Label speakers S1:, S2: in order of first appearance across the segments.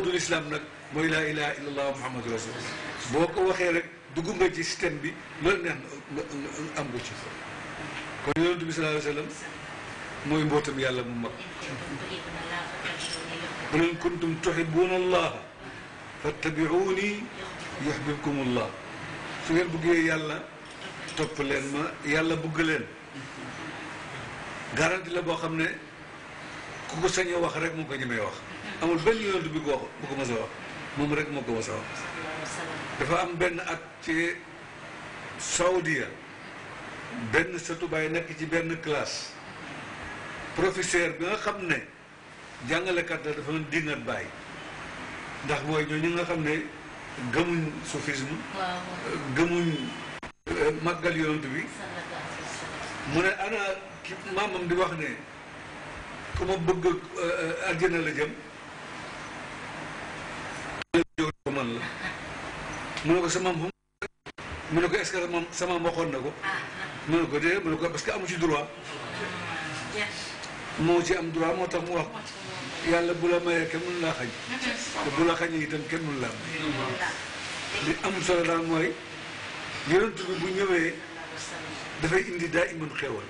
S1: koodu lislaam nag mooy laa ilaha illa allah muhammadu rasulullah boo ko waxee rek dugg nga ci système bi loolu neex na am nga ci kon yonent bi sallallahu alayhi wa sallam mooy mbootam yàlla mu mag qul in kuntum tuhibbuna allah fattabi'uni yuhbibkum allah su ngeen bëggee yàlla topp leen ma yàlla bëgg leen garanti la boo xam ne ku ko sañoo wax rek mu ko ñemee wax amul benn yonent bi ko wax bu ko mos a wax moom rek moo ko mos a wax dafa am benn at ci Saudia ya, benn sëtu baay nekk ci benn classe professeur bi nga xam ne jàngalekat la dafa dingat baay ndax mooy ñooñu nga xam ne gëmuñ soufisme gëmuñ euh, màggal yonent bi mu ne ana ki maamam di wax ne ku ma bëgg àjjana euh, euh, la jëm mu ko sama mom ne ko est ce que sama sama mboxoon ya. ya, ya, mm-hmm. mm-hmm. na ko de ne ko parce que amu ci droit mo ci am droit mo tax mu wax yalla bula maye ke mun la xañ te bula la xañee itam ken mun la may li am solo daal moy yonent bi bu ñewé da fay indi daiman xewal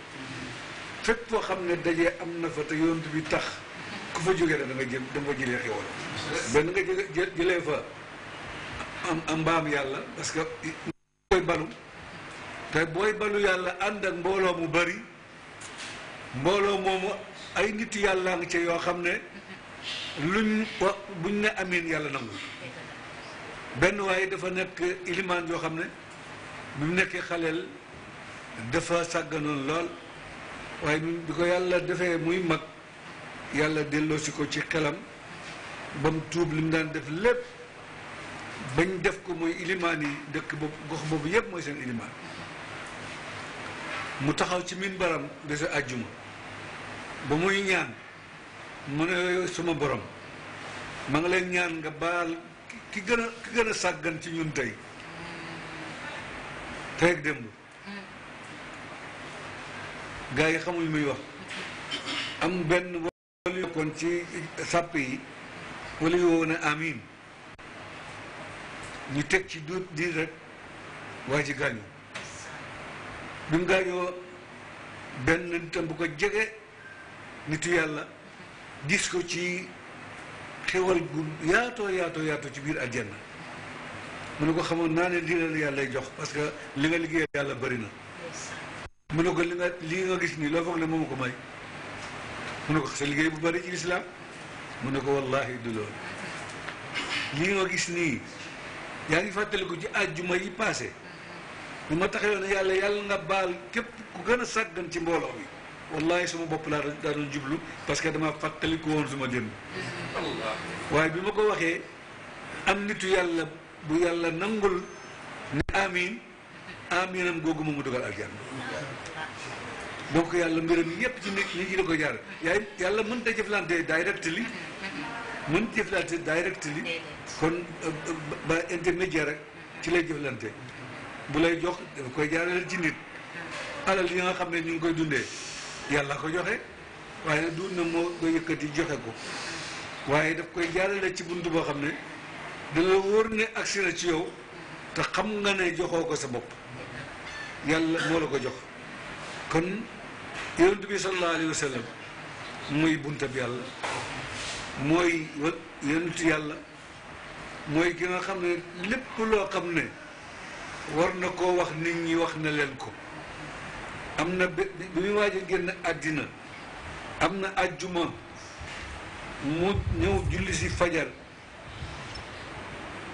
S1: fepp fépp xamne dajé am na fa te yonent bi tax ku fa jógee da nga jël da nga jëlee xewal mm-hmm. ben nga jëlee fa am am mbaam yàlla parce que koy balu te booy balu yàlla ànd ak mbooloo mu bari mbooloo moomu ay nit yàlla ngi ci yoo xam ne buñ ne amiin yàlla nangu benn waaye dafa nekk ilimaan yoo xam ne bi mu nekkee xaleel dafa sàgganoon lool waaye bi ko yàlla defee muy mag yàlla delloosi ko ci xelam ba mu tuub li mu daan def lépp bañ def ko mooy ilimaan yi dëkk boobu gox boobu yëpp mooy seen ilimaan mu taxaw ci min baram bés a àjjuma ba muy ñaan mu ne suma borom ma nga leen ñaan nga baal ki gën a sàggan ci ñun tey tey ak démb gars yi xamuñ muy wax am benn wala yu ci sàpp yi wala yu woo ñu teg ci duut diir waa ji gaañu bi mu gaañoo benn nitam bu ko jege nitu yàlla gis ko ci xewal gu yaatoo yaatoo yaatoo ci biir aljanna mu ne ko xamoon naa ne lii la yàllay jox parce que li nga liggéey yàlla bëri na mu ne ko li nga li nga gis nii loo foog ne moom ko may mu ne ko sa liggéey bu bëri ci lislaam mu ne ko wallahi du li nga gis nii yaa ngi ko ci àjjuma yi passé ni ma taxawee ne yàlla yàlla nga baal képp ku gën a sàggan ci mbooloo mi wallahi suma bopp laa daa doon jublu parce que dama ko woon suma démb waaye bi ma ko waxee am nitu yàlla bu yàlla nangul ni amin aminam googu ma mu dugal aljanna donc yàlla mbiram yépp ci nit ñi ci da ko jaar yaay yàlla mënta jëflante directly mën jëflante directly kon euh, ba intermédiaire rek ci lay jëflante bu lay jox daf koy jaarale ci nit alal yi nga xam ne ñu ngi koy dundee yàlla ko joxe waaye du na moo koy yëkkati joxe ko waaye daf koy jaarale ci bunt boo xam ne dala wóor ne agsi na ci yow te xam nga ne joxoo ko sa bopp yàlla moo la ko jox kon yonent bi sallallahu alayhi wa sallam muy yàlla mooy yonent yàlla mooy ki nga xam ne lépp loo xam ne war na koo wax nit ñi wax na leen ko am na bi muy waaj a génn àddina am na àjjuma mu ñëw julli si fajar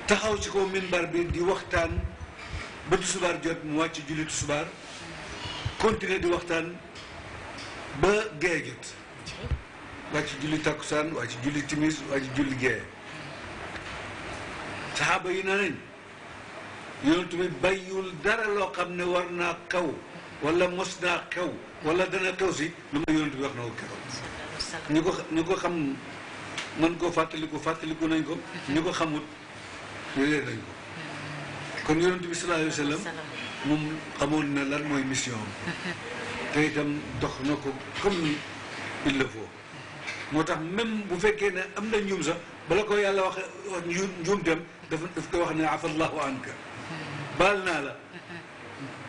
S1: taxaw ci kaw minbar bi di waxtaan ba tusubaar jot mu wàcc julli tusubaar continuer di waxtaan ba gee waa ci julli takkusaan waa ci julli timis waa ci julli gee saxaaba yi na nañ yonent bi bàyyiwul dara loo xam ne war naa xew wala mos naa xew wala dana xew si lu ma yonent bi wax na ko keroog ñu ko ñu ko xam mën koo fàttaliku fàttaliku nañ ko ñu ko xamut yooyu nañ ko kon yonent bi sallallahu alayhi wa sallam moom xamoon na lan mooy mission am te itam dox na ko comme il le faut moo tax même bu fekkee ne am na njuum sax bala ko yàlla wax njuum njuumteem daf daf koy wax ne afallahu ank baal naa la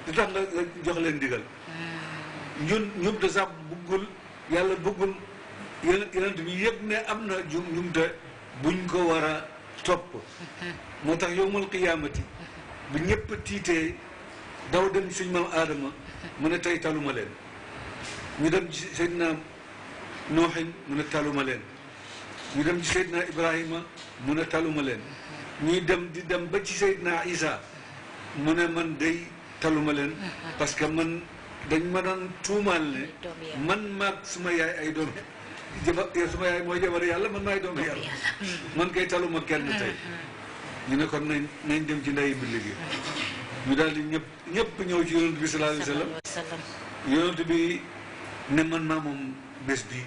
S1: di tax nga jox leen digal ñun njuumte sax buggul yàlla buggul yonent bi yëpp ne am na ju buñ ko war a topp moo tax yowmal tiitee daw dem suñ maam aadama mu ne tey taluma leen ñu dem ci seen naam nooxin mu ne taluma leen ñu dem ci Seydina Ibrahima mu ne ma leen ñuy dem di dem ba ci Seydina Isa mu ne man talu ma leen parce que man dañ ma doon tuumaal ne man maag suma yaay ay doom jabar eh, suma yaay mooy jabar yàlla man maay doomu yàlla man kay taluma kenn tey ñu ne kon nañ nañ dem ci ndeyi mbi liggéey ñu daal di ñëpp ñëpp ñëw ci yonent bi ne man maa bés bi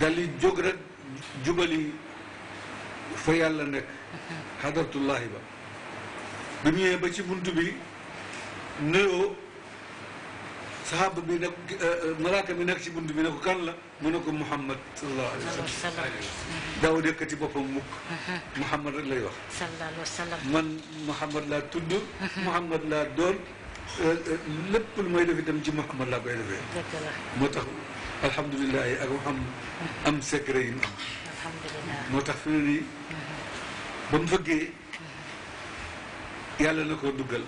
S1: dali jóg rek jubali fa yàlla nekk xadaratullahi ba bi mu ñëwee ba ci bunt bi nuyoo saxaaba bi ne eh, malaaka mi nekk ci bunt bi ne ko kan la mu ne ko Muhammad sallallahu alayhi wa sallam daawul yëkkati boppam mukk Muhammad rek lay wax man Muhammad laa tudd Muhammad laa doon eh, eh, lépp lu may def itam ci Muhammad laa koy defee moo tax Alhamdulillah ak am am secret yi mu am. alhamdulilah moo tax fi mu ne nii ba mu fëggee yàlla na ko duggal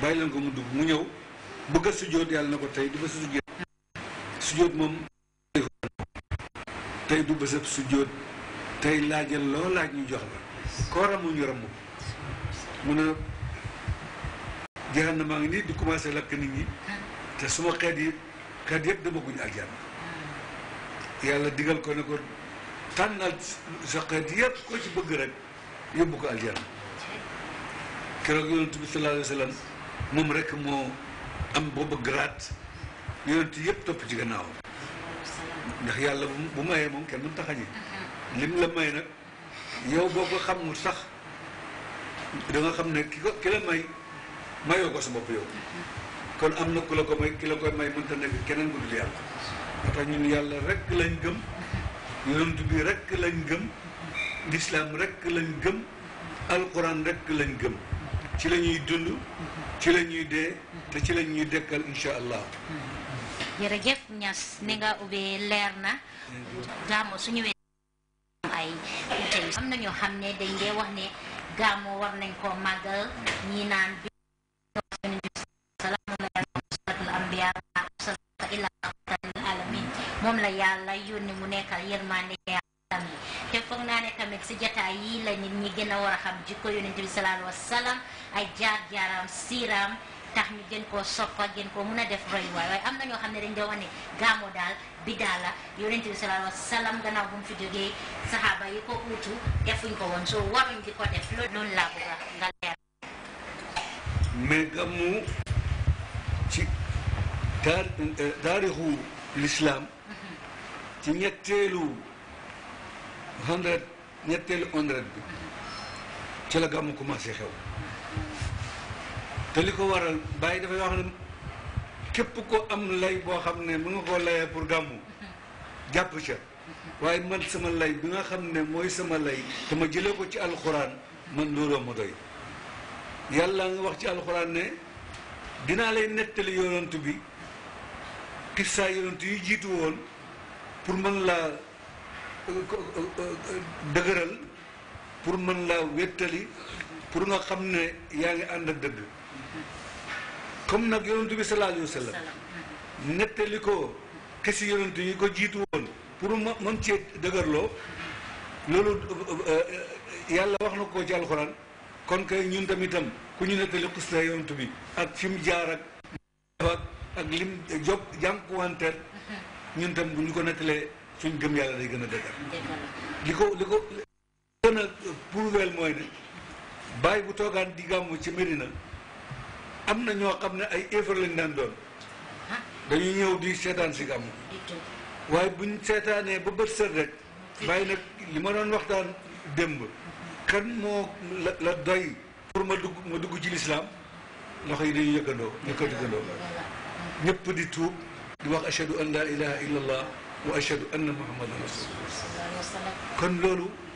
S1: bàyyi leen ko mu dugg mu ñëw bëgg a sujjóot yàlla na ko tey du ba sujjóot. sujjóot moom tey du bésëb kan yëpp dama guñ Ya yàlla digal ko ne ko tànnal sa xeet yëpp ko ci bëgg rek yóbbu ko aljanna keroog yonent bi sallallahu alayhi wa sallam moom rek moo am booba garaat yonent yëpp topp ci gannaawam ndax yàlla bu mayee moom kenn mën taxañi lim la may nag yow boo ko xamul sax da nga xam ne ki ko ki la may mayoo ko sa bopp yow kon am na ku la ko may ki koy may mënta nekk keneen ku dul yàlla moo ñun yàlla rek lañ gëm yonent bi rek lañ gëm lislaam rek lañ gëm alquran rek lañ gëm ci la ñuy dund ci la ñuy dee te ci la ñuy dekkal incha allah jërëjëf Niass ni nga ubbee leer na gàmmu su ñëwee ay am na ñoo xam ne dañ dee wax ne gàmmu war nañ koo màggal ñi naan yërmande am yi te foog naa ne tamit si jataay yi la nit ñi gën a war a xam jikko yonente bi salaalu wasalaam ay jaar-jaaram siiraam tax ñu gën koo soppa gën ko mun a def roy waay waaye am na ñoo xam ne dañ doon wax ne gaamo daal bi daal la yonente bi salaalu wasalaam gannaaw bu mu fi jógee saxaaba yi ko uutu defuñ ko woon soo waruñ di ko def loolu laa bëgg nga leer mais gamu ci eh, taarixu l'islam ci ñetteelu hundred ñetteelu hundred bi ci la gàmmu commencé xew te li ko waral bàyyi dafay wax ne képp ko am lay boo xam ne mën nga koo layee pour gàmmu jàpp ca waaye man sama lay bi nga xam ne mooy sama lay te ma jëlee ko ci alxuraan man looloo ma doy yàlla nga wax ci alxuraan ne dinaa lay nettali yonent bi kisaa yonent yu jiitu woon pour mën laa euh, euh, euh, dëgëral pour mën la wéttali pour nga xam ne yaa ngi ànd ak dëgg comme nag yonent bi sallallahu alayhi nettali ko kesi yonent yi ko jiitu woon pour ma mën cee dëgërloo loolu yàlla wax na ko ci alxuraan kon kay ñun tamitam ku ñu nettali xisna yonent bi ak fi mu jaar ak ak lim jog jànkuwanteel ñun tam bu ñu ko nettalee suñ gëm yàlla day gën a dëgër li ko li ko gën a prouvel mooy ne bàyyi bu toogaan di gàmmu ci Medina am na ñoo xam ne ay éefar lañ daan doon dañuy ñëw di seetaan si gàmmu waaye buñ seetaanee ba bët set rek bàyyi nag li ma doon waxtaan démb kan moo la la doy pour ma dugg ma dugg ci lislaam loxo yi dañuy yëkkandoo yëkkatikandoo ñëpp di tuub واشهد ان لا اله الا الله واشهد ان محمدا رسول الله كن لولو